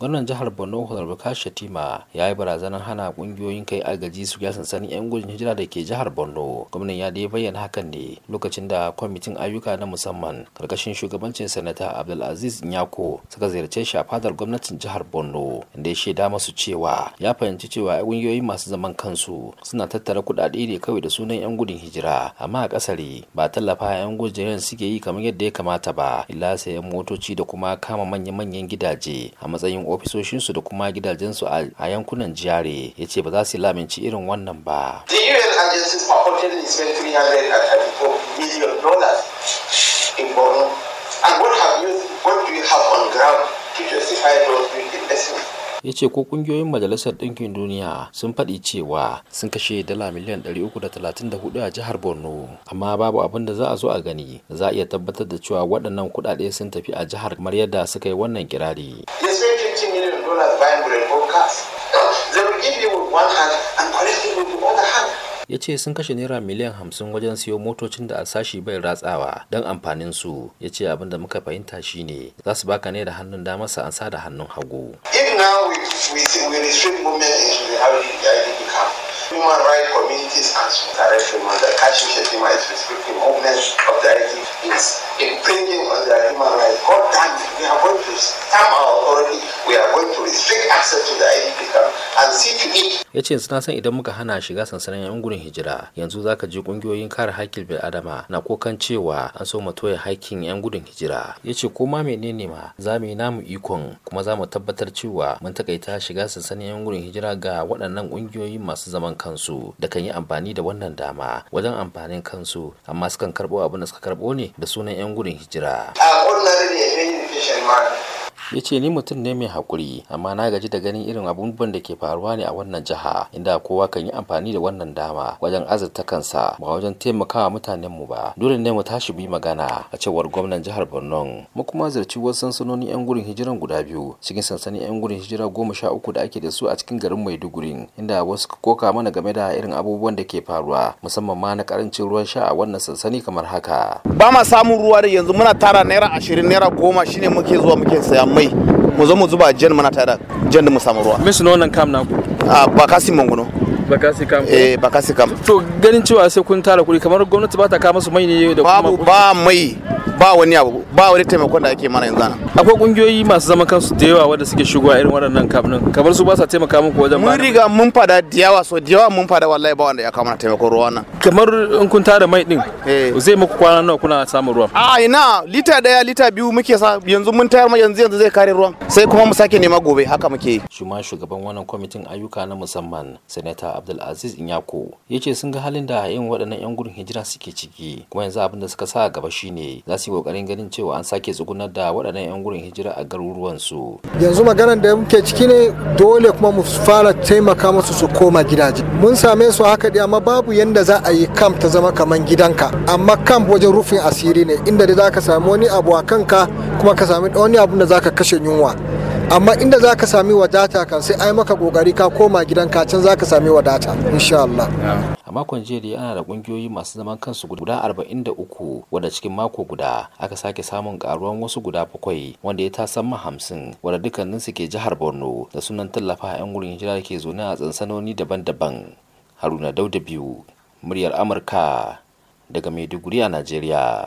Gwamnan jihar Borno Honorable Kashi Shatima ya yi barazanar hana kungiyoyin kai agaji su ya sansanin 'yan gudun hijira da ke jihar Borno. Gwamnan ya dai bayyana hakan ne lokacin da kwamitin ayyuka na musamman karkashin shugabancin Sanata Abdulaziz Nyako suka ziyarce shi a fadar gwamnatin jihar Borno inda ya shaida masu cewa ya fahimci cewa kungiyoyin masu zaman kansu suna tattara kuɗaɗe ne kawai da sunan 'yan gudun hijira amma a ƙasari, ba tallafa 'yan gudun suke yi kamar yadda ya kamata ba illa sayan motoci da kuma kama manya-manyan gidaje a matsayin ofisoshinsu da kuma gidajensu a yankunan jihar ya ce ba za su laminci irin wannan ba. UN agencies dollars in And what have you, what do you have on ground to justify those doing ya ce ko kungiyoyin majalisar ɗinkin duniya sun faɗi cewa sun kashe dala miliyan 334 a jihar borno amma babu abin da za a zo a gani za a iya tabbatar da cewa waɗannan kuɗaɗe sun tafi a jihar kamar yadda suka yi wannan kirari ya ce sun kashe naira miliyan hamsin wajen siyo motocin da a sashi bai ratsawa don amfanin su ya ce abin da muka fahimta shine za su baka ne da hannun damar sa an da hannun hagu human right communities and yace suna ya ce na san idan muka hana shiga sansanin yan gudun hijira yanzu za ka ji kungiyoyin kare haƙƙin bil adama na kokan cewa an so mu toye haƙƙin yan gudun hijira ya ce ko ma menene ma za mu yi namu ikon kuma za mu tabbatar cewa mun takaita shiga sansanin yan gudun hijira ga waɗannan kungiyoyin masu zaman kansu da kan yi amfani da wannan dama wajen amfanin kansu amma sukan karɓo abin da suka karɓo ne da sunan yan gudun hijira. a ne ya ce ni mutum ne mai haƙuri amma na gaji da ganin irin abubuwan da ke faruwa ne a wannan jiha inda kowa kan yi amfani da wannan dama wajen azurta kansa ba wajen taimakawa mutanen mu ba dole ne mu tashi bi magana a cewar gwamnan jihar Borno mu kuma zarci wasu sansanonin yan gurin hijiran guda biyu cikin sansanin yan gurin hijira goma sha uku da ake da su a cikin garin Maiduguri inda wasu koka mana game da irin abubuwan da ke faruwa musamman ma na karancin ruwan sha a wannan sansani kamar haka ba ma samun ruwa da yanzu muna tara naira ashirin naira goma shine muke zuwa muke saya mai mu zo mu zuba jan mana tare jan da mu samu ruwa me suna wannan kam naku ah, a bakasi mangono bakasi kam eh bakasi kam to ganin cewa sai kun tara kuɗi kamar gwamnati ba ta kawo musu mai ne da kuma ba mai ba wani abu ba wani taimakon da ake mana yanzu nan akwai kungiyoyi masu zaman kansu da yawa wanda suke shigowa irin waɗannan kamfanin kamar su ba sa taimaka muku wajen mun riga mun fada da yawa so da yawa mun fada wallahi ba wanda ya kama taimakon ruwa nan kamar in kun tada mai din eh. zai muku kwana nawa kuna samun ruwa a ina lita daya lita biyu muke sa yanzu mun tayar ma yanzu yanzu zai kare ruwan sai kuma mu sake nema gobe haka muke yi ma shugaban wannan kwamitin ayyuka na musamman abdul aziz inyako ya ce sun ga halin da yin waɗannan yan gudun hijira suke ciki kuma yanzu abin da suka sa gaba shine za za su yi kokarin ganin cewa an sake tsugunar da waɗannan 'yan gurin hijira a garuruwansu. yanzu maganar da muke ciki ne dole kuma mu fara taimaka musu su koma gidaje mun same su haka dai amma babu yanda za a yi kam ta zama kamar gidanka amma kam wajen rufin asiri ne inda da za ka samu wani abu a kanka kuma ka sami wani abu da za ka kashe yunwa amma inda za ka sami wadata kan sai ai maka kokari ka koma gidan ka can za ka sami wadata insha Allah a makon jiya da ana da kungiyoyi masu zaman kansu guda 43 wadda cikin mako guda aka sake samun karuwan wasu guda bakwai wanda ya tasan ma 50 wadda dukkanin su ke jihar Borno da sunan tallafa yan gurin hijira da ke zaune a tsansanoni daban-daban Haruna Dauda biyu muryar Amurka daga Maiduguri a Najeriya